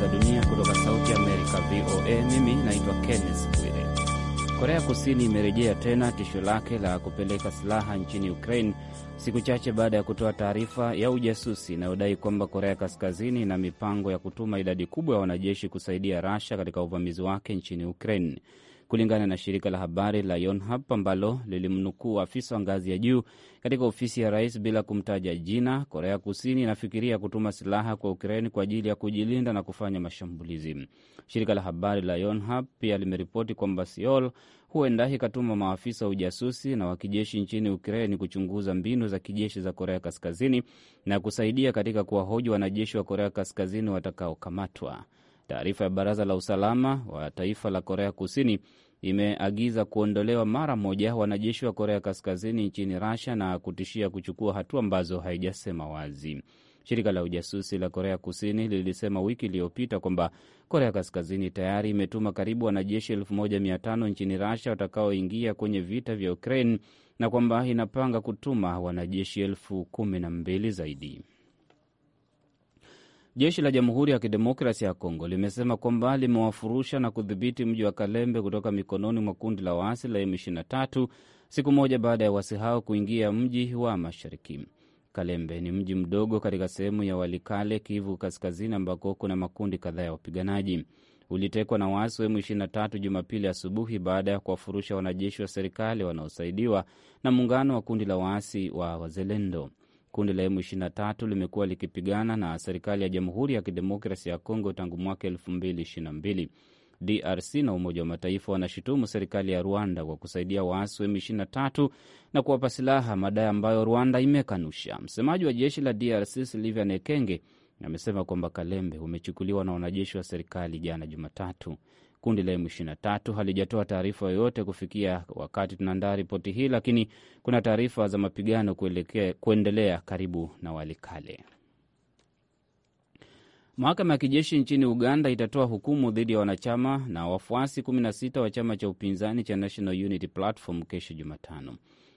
za dunia kutoka Sauti Amerika, VOA. Mimi naitwa Kenneth Bwire. Korea Kusini imerejea tena tisho lake la kupeleka silaha nchini Ukraine siku chache baada ya kutoa taarifa ya ujasusi inayodai kwamba Korea Kaskazini ina mipango ya kutuma idadi kubwa ya wanajeshi kusaidia Rasha katika uvamizi wake nchini Ukraine kulingana na shirika la habari la Yonhap ambalo lilimnukuu afisa wa ngazi ya juu katika ofisi ya rais bila kumtaja jina. Korea Kusini inafikiria kutuma silaha kwa Ukraini kwa ajili ya kujilinda na kufanya mashambulizi. Shirika la habari la Yonhap pia limeripoti kwamba Seoul huenda ikatuma maafisa wa ujasusi na wa kijeshi nchini Ukraini kuchunguza mbinu za kijeshi za Korea Kaskazini na kusaidia katika kuwahoji wanajeshi wa Korea Kaskazini watakaokamatwa. Taarifa ya Baraza la Usalama wa Taifa la Korea Kusini imeagiza kuondolewa mara moja wanajeshi wa Korea Kaskazini nchini Russia na kutishia kuchukua hatua ambazo haijasema wazi. Shirika la ujasusi la Korea Kusini lilisema wiki iliyopita kwamba Korea Kaskazini tayari imetuma karibu wanajeshi elfu nchini Russia watakaoingia kwenye vita vya Ukraine na kwamba inapanga kutuma wanajeshi elfu kumi na mbili zaidi. Jeshi la Jamhuri ya Kidemokrasia ya Kongo limesema kwamba limewafurusha na kudhibiti mji wa Kalembe kutoka mikononi mwa kundi la waasi la M23 siku moja baada ya waasi hao kuingia mji wa mashariki. Kalembe ni mji mdogo katika sehemu ya Walikale, Kivu Kaskazini, ambako kuna makundi kadhaa ya wapiganaji. Ulitekwa na waasi wa M23 Jumapili asubuhi baada ya kuwafurusha wanajeshi wa serikali wanaosaidiwa na muungano wa kundi la waasi wa wazelendo Kundi la M23 limekuwa likipigana na serikali ya Jamhuri ya Kidemokrasi ya Kongo tangu mwaka 2022. DRC na Umoja wa Mataifa wanashutumu serikali ya Rwanda kwa kusaidia waasi wa M23 na kuwapa silaha, madai ambayo Rwanda imekanusha. Msemaji wa jeshi la DRC Sylvain Ekenge amesema kwamba Kalembe umechukuliwa na wanajeshi wa serikali jana Jumatatu. Kundi la M23 halijatoa taarifa yoyote kufikia wakati tunaandaa ripoti hii, lakini kuna taarifa za mapigano kuendelea karibu na Walikale. Mahakama ya kijeshi nchini Uganda itatoa hukumu dhidi ya wanachama na wafuasi 16 wa chama cha upinzani cha National Unity Platform kesho Jumatano.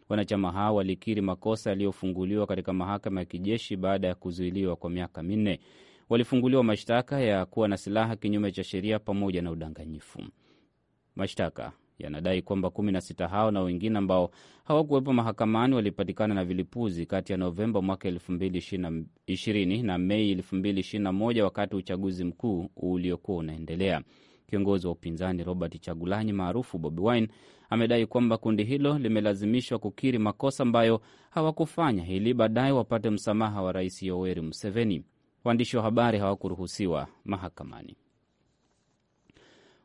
Wanachama hao walikiri makosa yaliyofunguliwa katika mahakama ya kijeshi baada ya kuzuiliwa kwa miaka minne walifunguliwa mashtaka ya kuwa na silaha kinyume cha sheria pamoja na udanganyifu. Mashtaka yanadai kwamba 16 hao na wengine ambao hawakuwepo mahakamani walipatikana na vilipuzi kati ya Novemba mwaka 2020 na Mei 2021 wakati uchaguzi mkuu uliokuwa unaendelea. Kiongozi wa upinzani Robert Chagulanyi maarufu Bobi Wine amedai kwamba kundi hilo limelazimishwa kukiri makosa ambayo hawakufanya ili baadaye wapate msamaha wa Rais Yoweri Museveni. Waandishi wa habari hawakuruhusiwa mahakamani.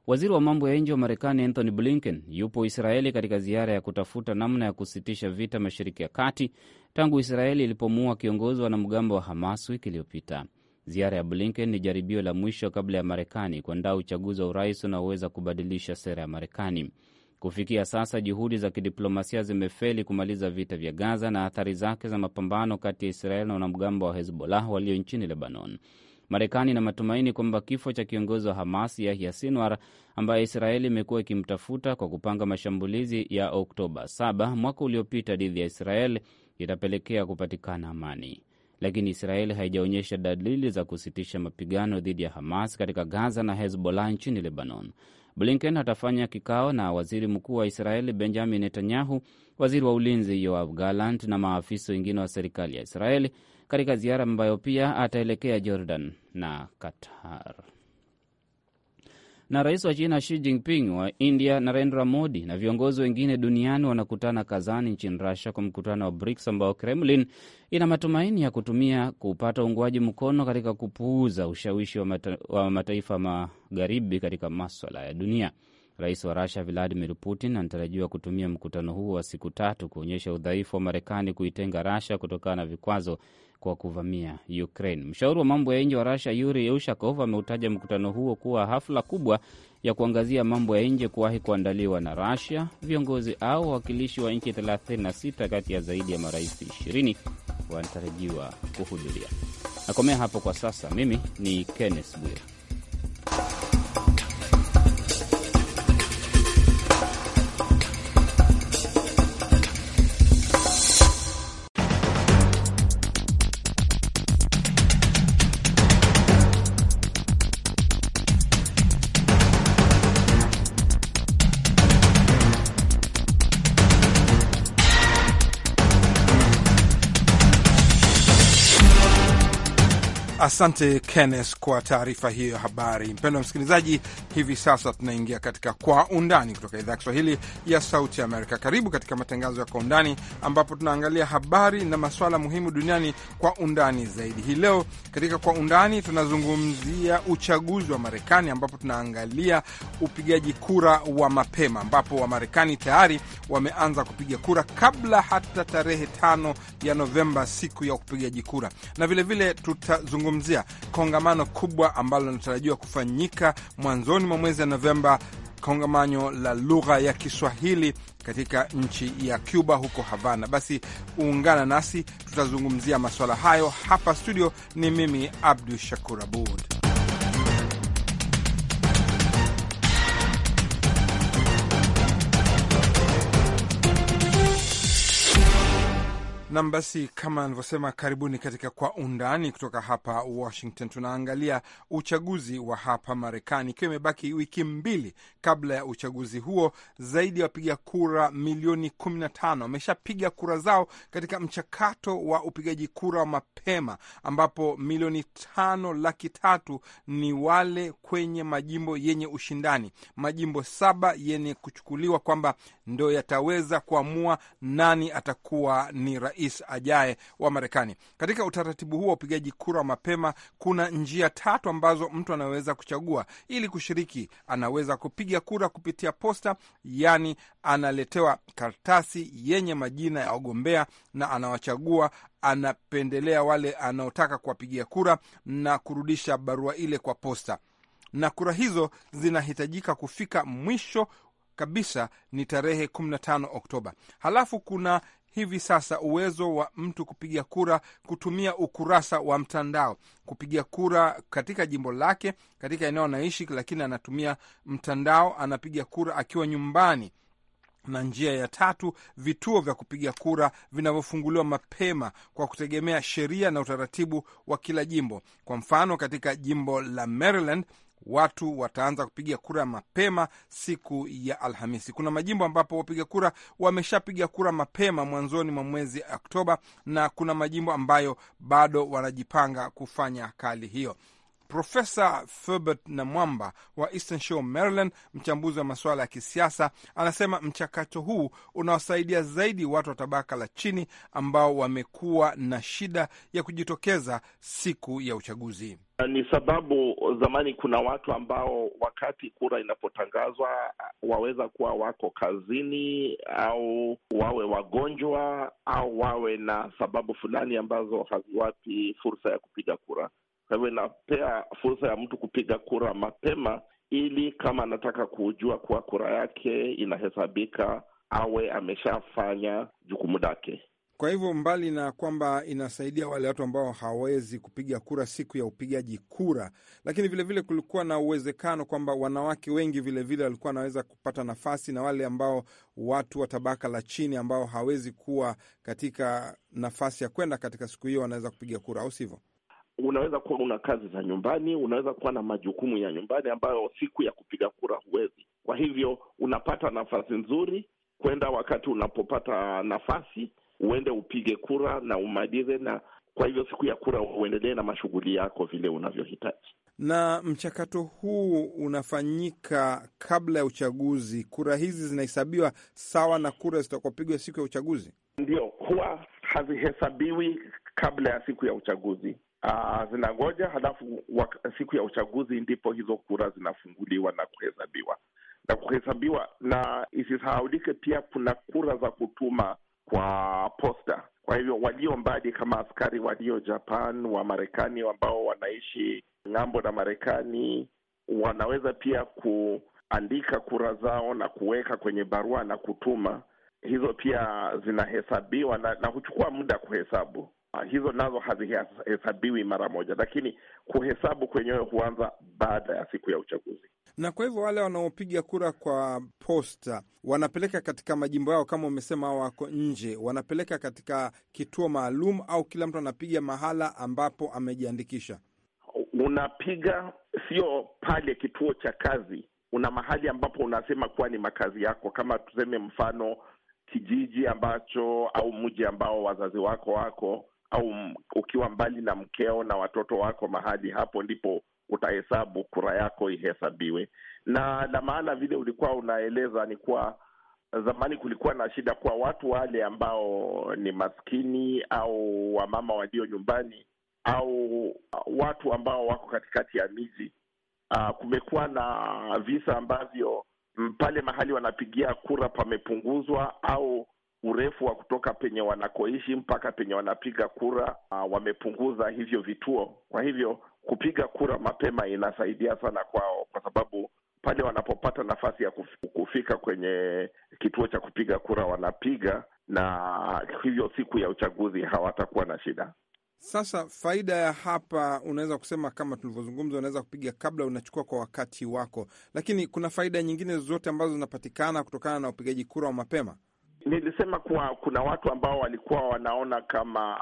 Waziri wa mambo ya nje wa Marekani Anthony Blinken yupo Israeli katika ziara ya kutafuta namna ya kusitisha vita Mashariki ya Kati tangu Israeli ilipomuua kiongozi wa wanamgambo wa Hamas wiki iliyopita. Ziara ya Blinken ni jaribio la mwisho kabla ya Marekani kuandaa uchaguzi wa urais unaoweza kubadilisha sera ya Marekani. Kufikia sasa juhudi za kidiplomasia zimefeli kumaliza vita vya Gaza na athari zake za mapambano kati ya israel na wanamgambo wa Hezbollah walio nchini Lebanon. Marekani ina matumaini kwamba kifo cha kiongozi wa Hamas Yahya Sinwar, ambaye Israeli imekuwa ikimtafuta kwa kupanga mashambulizi ya Oktoba 7 mwaka uliopita dhidi ya israel itapelekea kupatikana amani, lakini Israeli haijaonyesha dalili za kusitisha mapigano dhidi ya Hamas katika Gaza na Hezbollah nchini Lebanon. Blinken atafanya kikao na waziri mkuu wa Israeli Benjamin Netanyahu, waziri wa ulinzi Yoav Gallant na maafisa wengine wa serikali ya Israeli katika ziara ambayo pia ataelekea Jordan na Qatar na rais wa China Xi Jinping, wa India Narendra Modi na viongozi wengine duniani wanakutana Kazani nchini Russia kwa mkutano wa BRICS ambao Kremlin ina matumaini ya kutumia kupata uungwaji mkono katika kupuuza ushawishi wa, mata, wa mataifa magharibi katika maswala ya dunia. Rais wa Rusia Vladimir Putin anatarajiwa kutumia mkutano huo wa siku tatu kuonyesha udhaifu wa Marekani kuitenga Rusia kutokana na vikwazo kwa kuvamia Ukraine. Mshauri wa mambo ya nje wa Russia Yuri Ushakov ameutaja mkutano huo kuwa hafla kubwa ya kuangazia mambo ya nje kuwahi kuandaliwa na rusia Viongozi au wawakilishi wa nchi 36 kati ya zaidi ya marais 20 wanatarajiwa kuhudhuria. Nakomea hapo kwa sasa. Mimi ni Kenneth bwira Asante Kenneth kwa taarifa hiyo ya habari. Mpendwa msikilizaji, hivi sasa tunaingia katika Kwa Undani kutoka idhaa ya Kiswahili ya Sauti Amerika. Karibu katika matangazo ya Kwa Undani, ambapo tunaangalia habari na masuala muhimu duniani kwa undani zaidi. Hii leo katika Kwa Undani tunazungumzia uchaguzi wa Marekani, ambapo tunaangalia upigaji kura wa mapema, ambapo Wamarekani tayari wameanza kupiga kura kabla hata tarehe tano ya Novemba, siku ya upigaji kura, na vilevile tutazungumzia kuzungumzia kongamano kubwa ambalo linatarajiwa kufanyika mwanzoni mwa mwezi wa Novemba, kongamano la lugha ya Kiswahili katika nchi ya Cuba huko Havana. Basi uungana nasi, tutazungumzia masuala hayo hapa studio. Ni mimi Abdu Shakur Abud. Nam, basi kama anavyosema, karibuni katika Kwa Undani kutoka hapa Washington. Tunaangalia uchaguzi wa hapa Marekani, ikiwa imebaki wiki mbili kabla ya uchaguzi huo. Zaidi ya wapiga kura milioni 15 wameshapiga kura zao katika mchakato wa upigaji kura wa mapema, ambapo milioni tano laki tatu ni wale kwenye majimbo yenye ushindani, majimbo saba yenye kuchukuliwa kwamba ndo yataweza kuamua nani atakuwa ni rais rais ajaye wa Marekani. Katika utaratibu huo wa upigaji kura mapema, kuna njia tatu ambazo mtu anaweza kuchagua ili kushiriki. Anaweza kupiga kura kupitia posta, yani analetewa karatasi yenye majina ya wagombea na anawachagua anapendelea wale anaotaka kuwapigia kura na kurudisha barua ile kwa posta, na kura hizo zinahitajika kufika mwisho kabisa ni tarehe 15 Oktoba. Halafu kuna hivi sasa uwezo wa mtu kupiga kura kutumia ukurasa wa mtandao, kupiga kura katika jimbo lake, katika eneo anaishi, lakini anatumia mtandao, anapiga kura akiwa nyumbani. Na njia ya tatu, vituo vya kupiga kura vinavyofunguliwa mapema kwa kutegemea sheria na utaratibu wa kila jimbo. Kwa mfano, katika jimbo la Maryland watu wataanza kupiga kura mapema siku ya Alhamisi. Kuna majimbo ambapo wapiga kura wameshapiga kura mapema mwanzoni mwa mwezi Oktoba, na kuna majimbo ambayo bado wanajipanga kufanya kali hiyo. Profesa Thubert Namwamba wa Eastern Shore, Maryland, mchambuzi wa masuala ya kisiasa, anasema mchakato huu unawasaidia zaidi watu wa tabaka la chini ambao wamekuwa na shida ya kujitokeza siku ya uchaguzi. Ni sababu zamani kuna watu ambao wakati kura inapotangazwa waweza kuwa wako kazini au wawe wagonjwa au wawe na sababu fulani ambazo haziwapi fursa ya kupiga kura. Kwa hivyo fursa ya mtu kupiga kura mapema, ili kama anataka kujua kuwa kura yake inahesabika awe ameshafanya jukumu lake. Kwa hivyo mbali na kwamba inasaidia wale watu ambao hawawezi kupiga kura siku ya upigaji kura, lakini vilevile vile kulikuwa na uwezekano kwamba wanawake wengi vilevile walikuwa wanaweza kupata nafasi, na wale ambao watu wa tabaka la chini ambao hawezi kuwa katika nafasi ya kwenda katika siku hiyo wanaweza kupiga kura, au sivyo? unaweza kuwa una kazi za nyumbani, unaweza kuwa na majukumu ya nyumbani ambayo siku ya kupiga kura huwezi. Kwa hivyo unapata nafasi nzuri kwenda, wakati unapopata nafasi uende upige kura na umalize, na kwa hivyo siku ya kura uendelee na mashughuli yako vile unavyohitaji. Na mchakato huu unafanyika kabla ya uchaguzi. Kura hizi zinahesabiwa sawa na kura zitakopigwa siku ya uchaguzi? Ndio, huwa hazihesabiwi kabla ya siku ya uchaguzi uh, zinangoja halafu wak, siku ya uchaguzi ndipo hizo kura zinafunguliwa na kuhesabiwa na kuhesabiwa. Na isisahaulike pia kuna kura za kutuma kwa posta. Kwa hivyo walio mbali kama askari walio Japan wa Marekani ambao wanaishi ng'ambo na Marekani wanaweza pia kuandika kura zao na kuweka kwenye barua na kutuma. Hizo pia zinahesabiwa na, na huchukua muda kuhesabu uh, ah, hizo nazo hazihesabiwi mara moja, lakini kuhesabu kwenyewe huanza baada ya siku ya uchaguzi. Na kwa hivyo wale wanaopiga kura kwa posta wanapeleka katika majimbo yao, kama umesema, hao wako nje, wanapeleka katika kituo maalum, au kila mtu anapiga mahala ambapo amejiandikisha? Unapiga sio pale kituo cha kazi, una mahali ambapo unasema kuwa ni makazi yako, kama tuseme mfano kijiji ambacho au mji ambao wazazi wako wako au ukiwa mbali na mkeo na watoto wako mahali hapo ndipo utahesabu kura yako ihesabiwe. Na la maana vile ulikuwa unaeleza ni kuwa zamani kulikuwa na shida kwa watu wale ambao ni maskini au wamama walio nyumbani au watu ambao wako katikati ya miji. Uh, kumekuwa na visa ambavyo pale mahali wanapigia kura pamepunguzwa au urefu wa kutoka penye wanakoishi mpaka penye wanapiga kura uh, wamepunguza hivyo vituo. Kwa hivyo kupiga kura mapema inasaidia sana kwao, kwa sababu pale wanapopata nafasi ya kufika kwenye kituo cha kupiga kura wanapiga, na hivyo siku ya uchaguzi hawatakuwa na shida. Sasa faida ya hapa, unaweza kusema kama tulivyozungumza, unaweza kupiga kabla, unachukua kwa wakati wako, lakini kuna faida nyingine zote ambazo zinapatikana kutokana na upigaji kura wa mapema? Nilisema kuwa kuna watu ambao walikuwa wanaona kama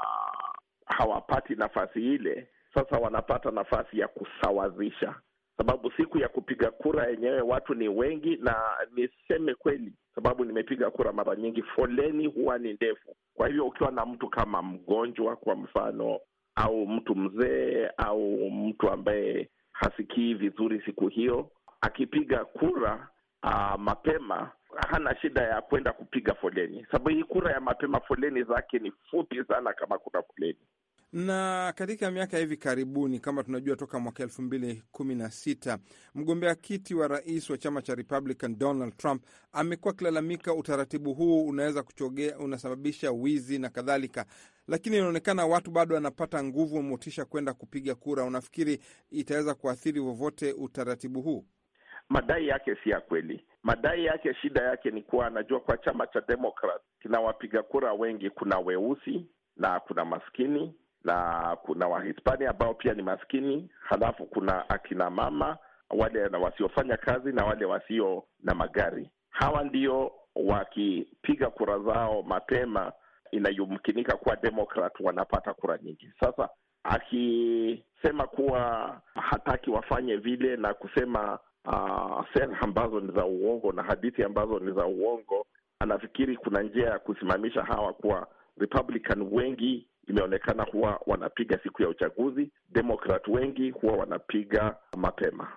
hawapati nafasi ile, sasa wanapata nafasi ya kusawazisha, sababu siku ya kupiga kura yenyewe watu ni wengi, na niseme kweli, sababu nimepiga kura mara nyingi, foleni huwa ni ndefu. Kwa hivyo ukiwa na mtu kama mgonjwa kwa mfano, au mtu mzee, au mtu ambaye hasikii vizuri siku hiyo, akipiga kura aa, ah, mapema hana shida ya kwenda kupiga foleni, sababu hii kura ya mapema foleni zake ni fupi sana, kama kuna foleni. Na katika miaka hivi karibuni, kama tunajua, toka mwaka elfu mbili kumi na sita mgombea kiti wa rais wa chama cha Republican Donald Trump amekuwa akilalamika utaratibu huu unaweza kuchogea, unasababisha wizi na kadhalika, lakini inaonekana watu bado wanapata nguvu, wamotisha kwenda kupiga kura. Unafikiri itaweza kuathiri vovote utaratibu huu? Madai yake si ya kweli. Madai yake, shida yake ni kuwa anajua kwa chama cha Democrat kina wapiga kura wengi, kuna weusi na kuna maskini na kuna Wahispania ambao pia ni maskini, halafu kuna akina mama wale wasiofanya kazi na wale wasio na magari. Hawa ndio wakipiga kura zao mapema, inayumkinika kuwa demokrat wanapata kura nyingi. Sasa akisema kuwa hataki wafanye vile na kusema uh, sera ambazo ni za uongo na hadithi ambazo ni za uongo. Anafikiri kuna njia ya kusimamisha hawa kuwa Republican wengi imeonekana huwa wanapiga siku ya uchaguzi, Demokrat wengi huwa wanapiga mapema.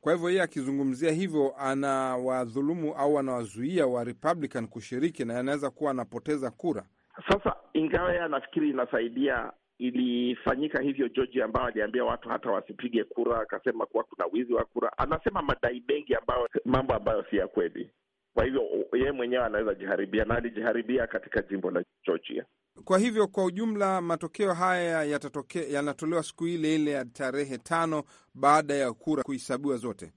Kwa hivyo yeye akizungumzia hivyo anawadhulumu au anawazuia wa Republican kushiriki na anaweza kuwa anapoteza kura. Sasa ingawa yeye anafikiri inasaidia ilifanyika hivyo joji ambao aliambia watu hata wasipige kura, akasema kuwa kuna wizi wa kura. Anasema madai mengi ambayo mambo ambayo si ya kweli. Kwa hivyo yeye mwenyewe anaweza jiharibia na alijiharibia katika jimbo la Georgia. Kwa hivyo kwa ujumla, matokeo haya yatatokea, yanatolewa siku ile ile ya tarehe tano baada ya kura kuhesabiwa zote.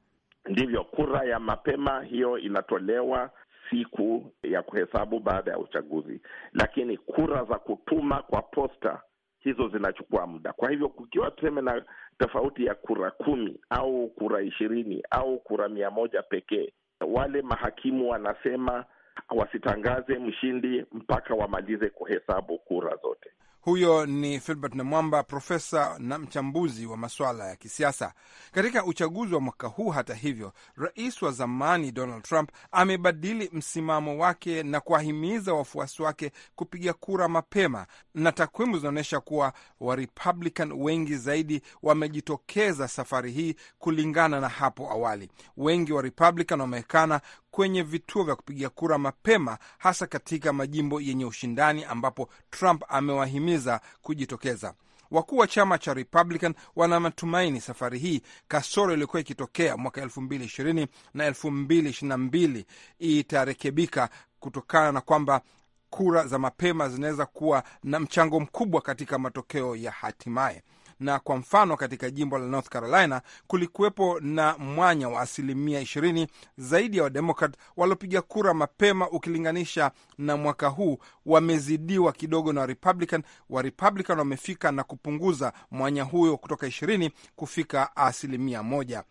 Ndivyo, kura ya mapema hiyo inatolewa siku ya kuhesabu baada ya uchaguzi, lakini kura za kutuma kwa posta hizo zinachukua muda. Kwa hivyo kukiwa tuseme na tofauti ya kura kumi au kura ishirini au kura mia moja pekee, wale mahakimu wanasema wasitangaze mshindi mpaka wamalize kuhesabu kura zote. Huyo ni Filbert namwamba profesa na mchambuzi wa masuala ya kisiasa. Katika uchaguzi wa mwaka huu, hata hivyo, rais wa zamani Donald Trump amebadili msimamo wake na kuwahimiza wafuasi wake kupiga kura mapema, na takwimu zinaonyesha kuwa Warepublican wengi zaidi wamejitokeza safari hii kulingana na hapo awali. Wengi wa Republican wameonekana kwenye vituo vya kupiga kura mapema, hasa katika majimbo yenye ushindani ambapo Trump amewahimiza kujitokeza. Wakuu wa chama cha Republican wana matumaini safari hii kasoro iliyokuwa ikitokea mwaka 2020 na 2022 itarekebika kutokana na kwamba kura za mapema zinaweza kuwa na mchango mkubwa katika matokeo ya hatimaye na kwa mfano katika jimbo la North Carolina kulikuwepo na mwanya wa asilimia 20 zaidi ya Wademokrat waliopiga kura mapema ukilinganisha na mwaka huu, wamezidiwa kidogo na Warepublican. Warepublican wamefika na kupunguza mwanya huyo kutoka 20 kufika asilimia moja.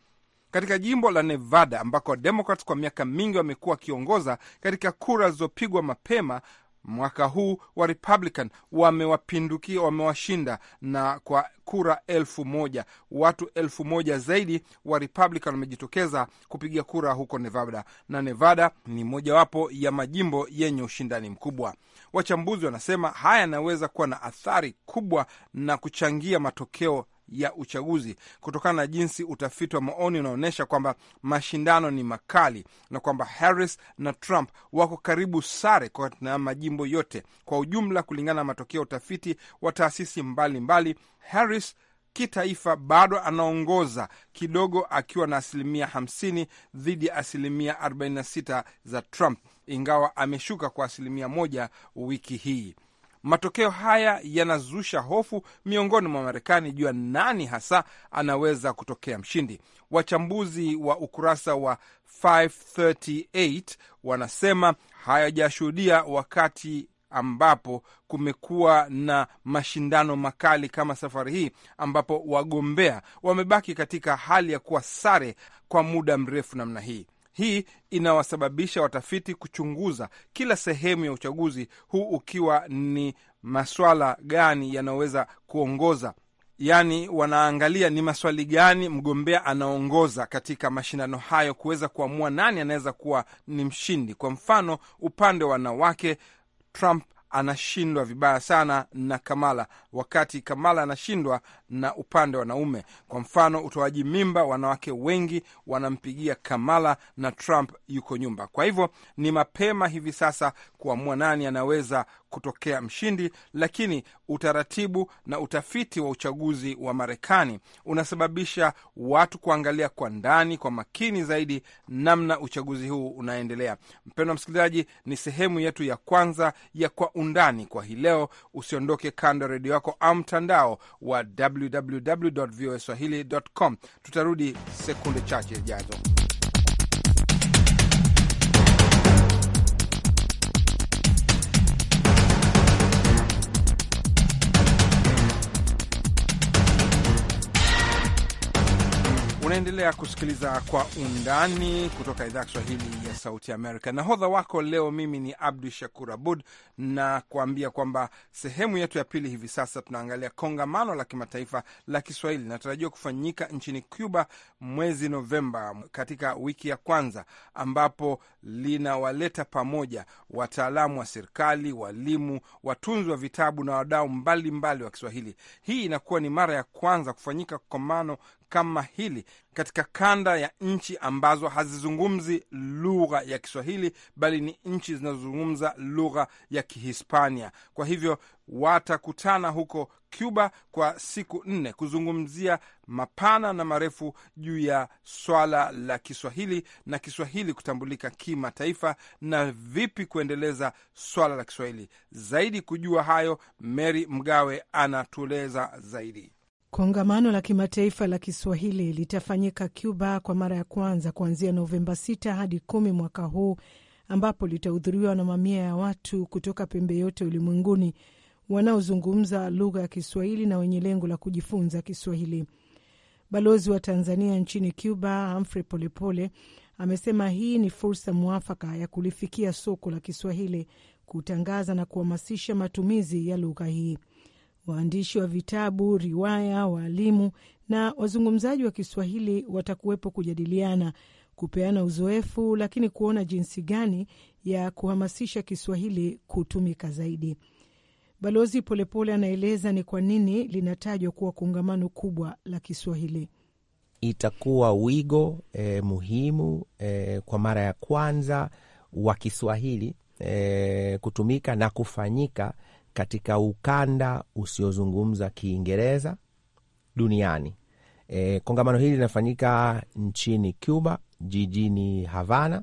Katika jimbo la Nevada ambako Democrats kwa miaka mingi wamekuwa wakiongoza katika kura zilizopigwa mapema, mwaka huu wa Republican wamewapindukia, wamewashinda na kwa kura elfu moja watu elfu moja zaidi wa Republican wamejitokeza kupiga kura huko Nevada, na Nevada ni mojawapo ya majimbo yenye ushindani mkubwa. Wachambuzi wanasema haya yanaweza kuwa na athari kubwa na kuchangia matokeo ya uchaguzi kutokana na jinsi utafiti wa maoni unaonyesha kwamba mashindano ni makali na kwamba Harris na Trump wako karibu sare na majimbo yote kwa ujumla. Kulingana na matokeo ya utafiti wa taasisi mbalimbali, Harris kitaifa bado anaongoza kidogo akiwa na asilimia 50 dhidi ya asilimia 46 za Trump, ingawa ameshuka kwa asilimia moja wiki hii. Matokeo haya yanazusha hofu miongoni mwa Marekani juu ya nani hasa anaweza kutokea mshindi. Wachambuzi wa ukurasa wa 538 wanasema hayajashuhudia wakati ambapo kumekuwa na mashindano makali kama safari hii ambapo wagombea wamebaki katika hali ya kuwa sare kwa muda mrefu namna hii. Hii inawasababisha watafiti kuchunguza kila sehemu ya uchaguzi huu, ukiwa ni maswala gani yanayoweza kuongoza Yaani, wanaangalia ni maswali gani mgombea anaongoza katika mashindano hayo, kuweza kuamua nani anaweza kuwa ni mshindi. Kwa mfano, upande wa wanawake, Trump anashindwa vibaya sana na Kamala, wakati Kamala anashindwa na upande wa wanaume. Kwa mfano, utoaji mimba, wanawake wengi wanampigia Kamala na Trump yuko nyumba. Kwa hivyo ni mapema hivi sasa kuamua nani anaweza kutokea mshindi, lakini utaratibu na utafiti wa uchaguzi wa Marekani unasababisha watu kuangalia kwa ndani, kwa makini zaidi, namna uchaguzi huu unaendelea. Mpendwa msikilizaji, ni sehemu yetu ya kwanza ya Kwa Undani kwa hii leo. Usiondoke kando ya redio yako au mtandao wa www swahilicom com. Tutarudi sekunde chache ijazo. Unaendelea kusikiliza Kwa Undani kutoka idhaa ya Kiswahili ya Sauti Amerika. Nahodha wako leo mimi ni Abdu Shakur Abud, na kuambia kwamba sehemu yetu ya pili hivi sasa tunaangalia kongamano la kimataifa la Kiswahili linatarajiwa kufanyika nchini Cuba mwezi Novemba, katika wiki ya kwanza, ambapo linawaleta pamoja wataalamu wa serikali, walimu, watunzi wa vitabu na wadau mbalimbali wa Kiswahili. Hii inakuwa ni mara ya kwanza kufanyika kongamano kama hili katika kanda ya nchi ambazo hazizungumzi lugha ya Kiswahili bali ni nchi zinazozungumza lugha ya Kihispania. Kwa hivyo watakutana huko Cuba kwa siku nne kuzungumzia mapana na marefu juu ya swala la Kiswahili na Kiswahili kutambulika kimataifa na vipi kuendeleza swala la Kiswahili zaidi. Kujua hayo, Mary Mgawe anatueleza zaidi. Kongamano la kimataifa la Kiswahili litafanyika Cuba kwa mara ya kwanza kuanzia Novemba 6 hadi 10 mwaka huu, ambapo litahudhuriwa na mamia ya watu kutoka pembe yote ulimwenguni wanaozungumza lugha ya Kiswahili na wenye lengo la kujifunza Kiswahili. Balozi wa Tanzania nchini Cuba, Humphrey Polepole, amesema hii ni fursa mwafaka ya kulifikia soko la Kiswahili, kutangaza na kuhamasisha matumizi ya lugha hii waandishi wa vitabu, riwaya, waalimu na wazungumzaji wa Kiswahili watakuwepo kujadiliana, kupeana uzoefu, lakini kuona jinsi gani ya kuhamasisha Kiswahili kutumika zaidi. Balozi Polepole anaeleza ni kwa nini linatajwa kuwa kongamano kubwa la Kiswahili. Itakuwa wigo e, muhimu e, kwa mara ya kwanza wa Kiswahili e, kutumika na kufanyika katika ukanda usiozungumza Kiingereza duniani. E, kongamano hili linafanyika nchini Cuba jijini Havana,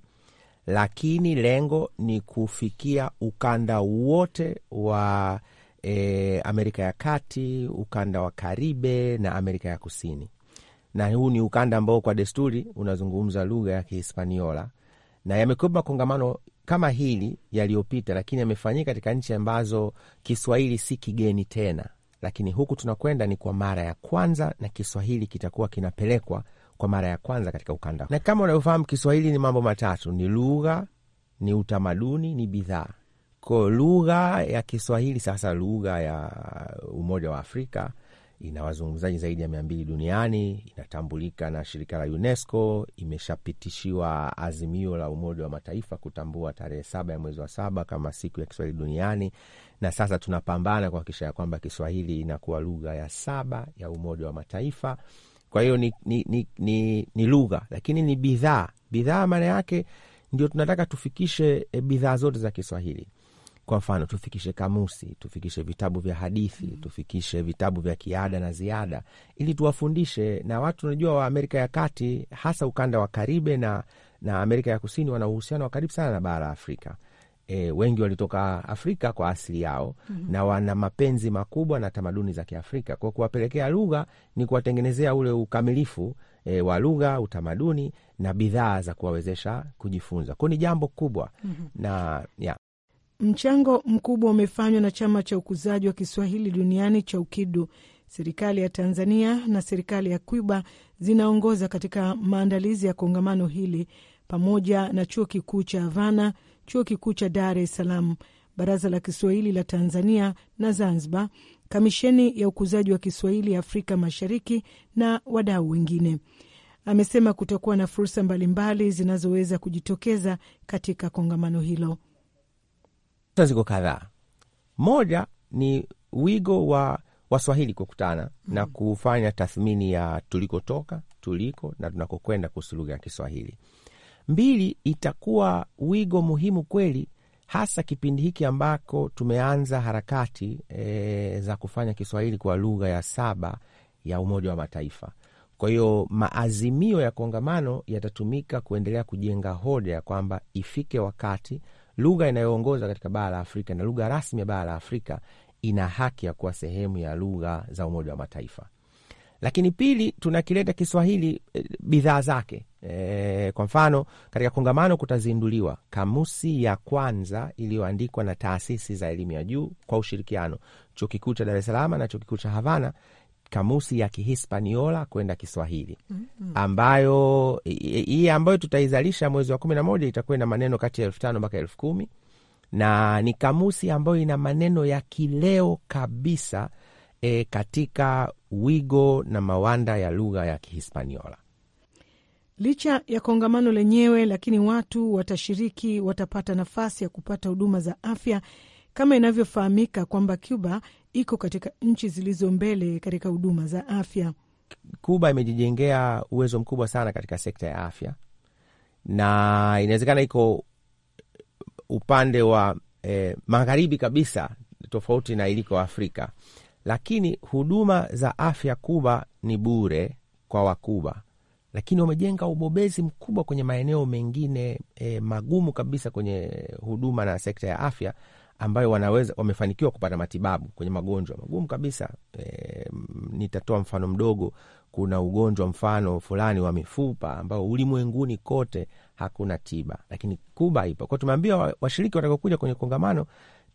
lakini lengo ni kufikia ukanda wote wa e, Amerika ya Kati, ukanda wa Karibe na Amerika ya Kusini, na huu ni ukanda ambao kwa desturi unazungumza lugha ya Kihispaniola na yamekuwa makongamano kama hili yaliyopita, lakini yamefanyika katika nchi ambazo Kiswahili si kigeni tena, lakini huku tunakwenda ni kwa mara ya kwanza, na Kiswahili kitakuwa kinapelekwa kwa mara ya kwanza katika ukanda. Na kama unavyofahamu, Kiswahili ni mambo matatu: ni lugha, ni utamaduni, ni bidhaa. Kwa lugha ya Kiswahili sasa, lugha ya Umoja wa Afrika ina wazungumzaji zaidi ya mia mbili duniani, inatambulika na shirika la UNESCO, imeshapitishiwa azimio la Umoja wa Mataifa kutambua tarehe saba ya mwezi wa saba kama siku ya Kiswahili duniani, na sasa tunapambana kuhakikisha ya kwamba Kiswahili inakuwa lugha ya saba ya Umoja wa Mataifa. Kwa hiyo ni, ni, ni, ni, ni lugha lakini ni bidhaa. Bidhaa maana yake ndio tunataka tufikishe eh, bidhaa zote za Kiswahili. Kwa mfano, tufikishe kamusi, tufikishe vitabu vya hadithi mm. tufikishe vitabu vya kiada na ziada, ili tuwafundishe na watu. Unajua, wa Amerika ya Kati, hasa ukanda wa Karibe na, na Amerika ya Kusini, wana uhusiano wa karibu sana na bara Afrika. E, wengi walitoka Afrika kwa asili yao mm -hmm. na wana mapenzi makubwa na tamaduni za Kiafrika. Kwa kuwapelekea lugha ni kuwatengenezea ule ukamilifu e, wa lugha, utamaduni na bidhaa za kuwawezesha kujifunza. Kwao ni jambo kubwa mm -hmm. na yeah. Mchango mkubwa umefanywa na chama cha ukuzaji wa Kiswahili duniani cha UKIDU. Serikali ya Tanzania na serikali ya Cuba zinaongoza katika maandalizi ya kongamano hili pamoja na chuo kikuu cha Havana, chuo kikuu cha Dar es Salaam, baraza la Kiswahili la Tanzania na Zanzibar, kamisheni ya ukuzaji wa Kiswahili ya Afrika Mashariki na wadau wengine. Amesema kutakuwa na fursa mbalimbali zinazoweza kujitokeza katika kongamano hilo ziko kadhaa. Moja ni wigo wa Waswahili kukutana mm. na kufanya tathmini ya tulikotoka, tuliko na tunakokwenda kuhusu lugha ya Kiswahili. Mbili, itakuwa wigo muhimu kweli, hasa kipindi hiki ambako tumeanza harakati e, za kufanya Kiswahili kwa lugha ya saba ya Umoja wa Mataifa. Kwa hiyo maazimio ya kongamano yatatumika kuendelea kujenga hoja ya kwamba ifike wakati lugha inayoongoza katika bara la Afrika na lugha rasmi ya bara la Afrika ina haki ya kuwa sehemu ya lugha za Umoja wa Mataifa. Lakini pili, tunakileta Kiswahili e, bidhaa zake e, kwa mfano katika kongamano kutazinduliwa kamusi ya kwanza iliyoandikwa na taasisi za elimu ya juu kwa ushirikiano chuo kikuu cha Dar es Salaam na chuo kikuu cha Havana kamusi ya Kihispaniola kwenda Kiswahili mm -hmm. ambayo hii ambayo tutaizalisha mwezi wa kumi na moja itakuwa na maneno kati ya elfu tano mpaka elfu kumi na ni kamusi ambayo ina maneno ya kileo kabisa e, katika wigo na mawanda ya lugha ya Kihispaniola. Licha ya kongamano lenyewe, lakini watu watashiriki watapata nafasi ya kupata huduma za afya. Kama inavyofahamika kwamba Cuba iko katika nchi zilizo mbele katika huduma za afya. Kuba imejijengea uwezo mkubwa sana katika sekta ya afya, na inawezekana iko upande wa eh, magharibi kabisa, tofauti na iliko Afrika, lakini huduma za afya Kuba ni bure kwa Wakuba, lakini wamejenga ubobezi mkubwa kwenye maeneo mengine eh, magumu kabisa kwenye huduma na sekta ya afya ambayo wanaweza wamefanikiwa kupata matibabu kwenye magonjwa magumu kabisa. E, nitatoa mfano mdogo. Kuna ugonjwa mfano fulani wa mifupa ambao ulimwenguni kote hakuna tiba, lakini Kuba ipo kwao. Tumeambia washiriki watakaokuja kwenye kongamano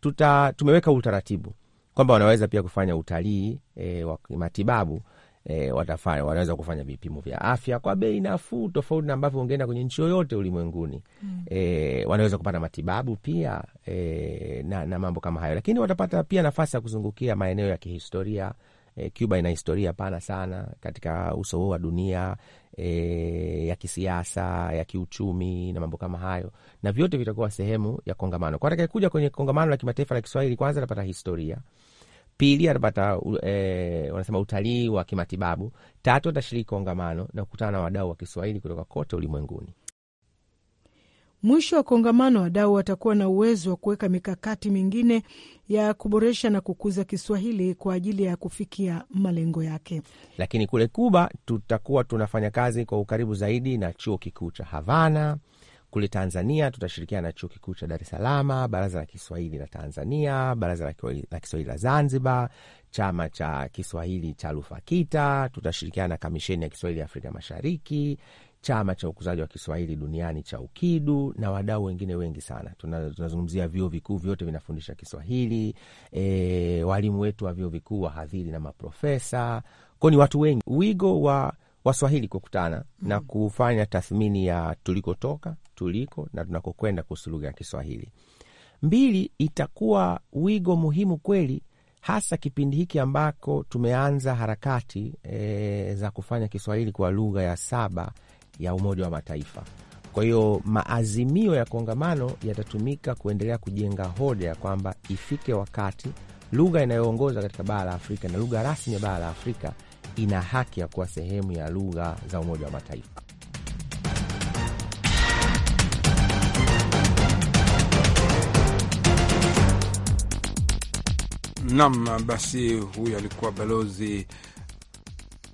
tuta, tumeweka utaratibu kwamba wanaweza pia kufanya utalii e, wa matibabu e, watafanya wanaweza kufanya vipimo vya afya kwa bei nafuu, tofauti na ambavyo ungeenda kwenye nchi yoyote ulimwenguni mm. E, wanaweza kupata matibabu pia e, na, na mambo kama hayo, lakini watapata pia nafasi ya kuzungukia maeneo ya kihistoria. E, Cuba ina historia pana sana katika uso huo wa dunia e, ya kisiasa, ya kiuchumi na mambo kama hayo, na vyote vitakuwa sehemu ya kongamano. Kwa atakayekuja kwenye kongamano la kimataifa la Kiswahili, kwanza atapata historia Pili, atapata e, eh, wanasema utalii wa kimatibabu. Tatu, atashiriki kongamano na kukutana na wadau wa Kiswahili kutoka kote ulimwenguni. Mwisho wa kongamano, wadau watakuwa na uwezo wa kuweka mikakati mingine ya kuboresha na kukuza Kiswahili kwa ajili ya kufikia malengo yake. Lakini kule Kuba tutakuwa tunafanya kazi kwa ukaribu zaidi na chuo kikuu cha Havana kule Tanzania tutashirikiana na chuo kikuu cha Dar es Salaam, baraza la Kiswahili la Tanzania, baraza la Kiswahili la Zanzibar, chama cha Kiswahili cha Lufakita, tutashirikiana na kamisheni ya Kiswahili ya Afrika Mashariki, chama cha ukuzaji wa Kiswahili duniani cha UKIDU na wadau wengine wengi sana. Tunazungumzia vyuo vikuu vyote vinafundisha Kiswahili, e, walimu wetu wa vyuo vikuu, wahadhiri na maprofesa, kwao ni watu wengi. Wigo wa Waswahili kukutana mm. na kufanya tathmini ya tulikotoka, tuliko na tunakokwenda kuhusu lugha ya Kiswahili. Mbili, itakuwa wigo muhimu kweli, hasa kipindi hiki ambako tumeanza harakati e, za kufanya Kiswahili kwa lugha ya saba ya Umoja wa Mataifa. Kwa hiyo maazimio ya kongamano yatatumika kuendelea kujenga hoja ya kwamba ifike wakati lugha inayoongoza katika bara la Afrika na lugha rasmi ya bara la Afrika ina haki ya kuwa sehemu ya lugha za Umoja wa Mataifa. Nam, basi huyu alikuwa balozi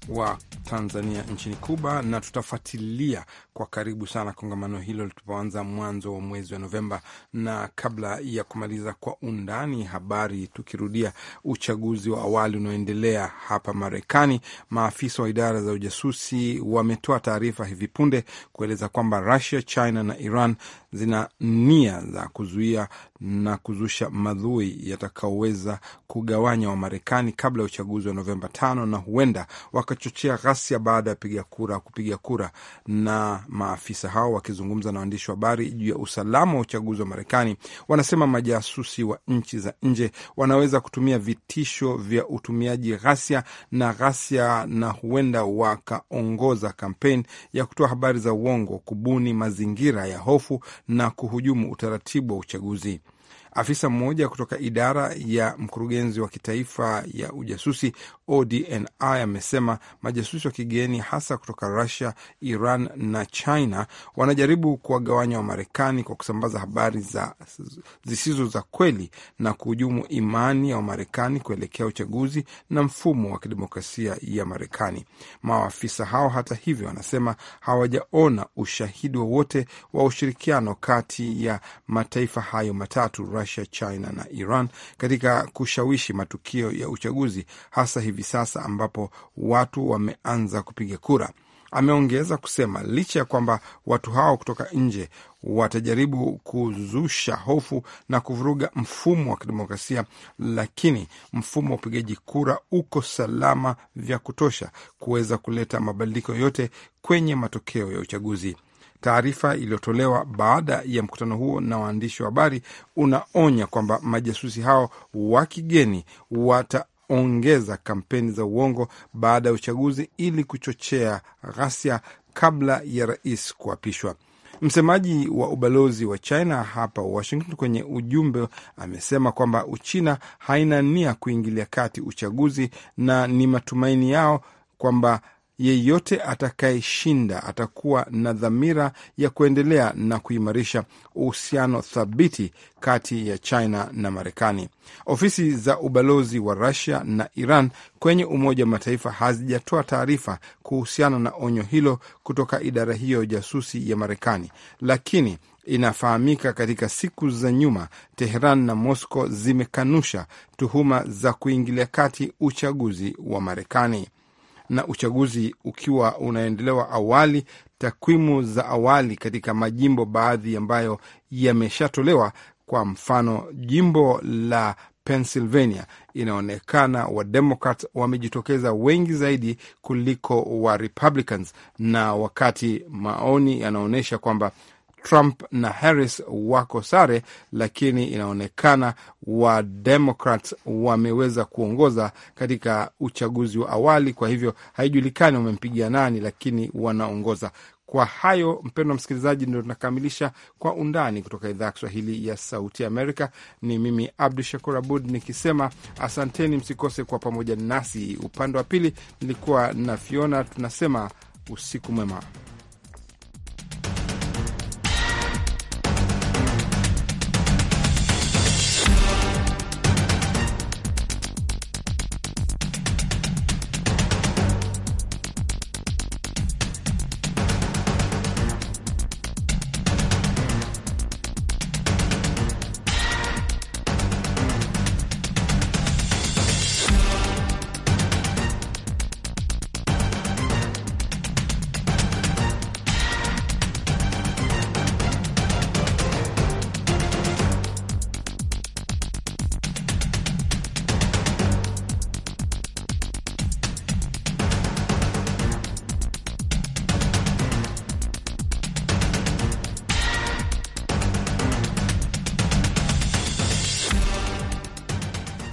wa Tanzania nchini Cuba, na tutafuatilia kwa karibu sana kongamano hilo litupoanza mwanzo wa mwezi wa Novemba. Na kabla ya kumaliza kwa undani habari, tukirudia uchaguzi wa awali unaoendelea hapa Marekani, maafisa wa idara za ujasusi wametoa taarifa hivi punde kueleza kwamba Russia, China na Iran zina nia za kuzuia na kuzusha madhui yatakaoweza kugawanya Wamarekani kabla ya uchaguzi wa Novemba tano, na huenda wakachochea ghasia baada ya piga kura kupiga kura. Na maafisa hao wakizungumza na waandishi wa habari juu ya usalama wa uchaguzi wa Marekani wanasema majasusi wa nchi za nje wanaweza kutumia vitisho vya utumiaji ghasia na ghasia, na huenda wakaongoza kampeni ya kutoa habari za uongo, kubuni mazingira ya hofu na kuhujumu utaratibu wa uchaguzi. Afisa mmoja kutoka idara ya mkurugenzi wa kitaifa ya ujasusi ODNI amesema majasusi wa kigeni hasa kutoka Rusia, Iran na China wanajaribu kuwagawanya Wamarekani kwa kusambaza habari za zisizo za kweli na kuhujumu imani ya Wamarekani kuelekea uchaguzi na mfumo wa kidemokrasia ya Marekani. Maafisa hao hata hivyo wanasema hawajaona ushahidi wowote wa ushirikiano kati ya mataifa hayo matatu Rusia, China na Iran katika kushawishi matukio ya uchaguzi hasa hivyo hivi sasa ambapo watu wameanza kupiga kura. Ameongeza kusema licha ya kwamba watu hao kutoka nje watajaribu kuzusha hofu na kuvuruga mfumo wa kidemokrasia, lakini mfumo wa upigaji kura uko salama vya kutosha kuweza kuleta mabadiliko yote kwenye matokeo ya uchaguzi. Taarifa iliyotolewa baada ya mkutano huo na waandishi wa habari unaonya kwamba majasusi hao wa kigeni wata ongeza kampeni za uongo baada ya uchaguzi ili kuchochea ghasia kabla ya rais kuapishwa. Msemaji wa ubalozi wa China hapa Washington kwenye ujumbe amesema kwamba Uchina haina nia kuingilia kati uchaguzi na ni matumaini yao kwamba yeyote atakayeshinda atakuwa na dhamira ya kuendelea na kuimarisha uhusiano thabiti kati ya China na Marekani. Ofisi za ubalozi wa Rusia na Iran kwenye Umoja wa Mataifa hazijatoa taarifa kuhusiana na onyo hilo kutoka idara hiyo ya jasusi ya Marekani, lakini inafahamika katika siku za nyuma Teheran na Moscow zimekanusha tuhuma za kuingilia kati uchaguzi wa Marekani na uchaguzi ukiwa unaendelewa awali. Takwimu za awali katika majimbo baadhi ambayo yameshatolewa, kwa mfano jimbo la Pennsylvania inaonekana Wademokrat wamejitokeza wengi zaidi kuliko wa Republicans, na wakati maoni yanaonyesha kwamba Trump na Harris wako sare, lakini inaonekana Wademokrat wameweza kuongoza katika uchaguzi wa awali. Kwa hivyo haijulikani wamempigia nani, lakini wanaongoza. Kwa hayo, mpendwa msikilizaji, ndio tunakamilisha Kwa Undani kutoka idhaa ya Kiswahili ya Sauti Amerika. Ni mimi Abdu Shakur Abud nikisema asanteni, msikose kwa pamoja nasi. Upande wa pili nilikuwa na Fiona, tunasema usiku mwema.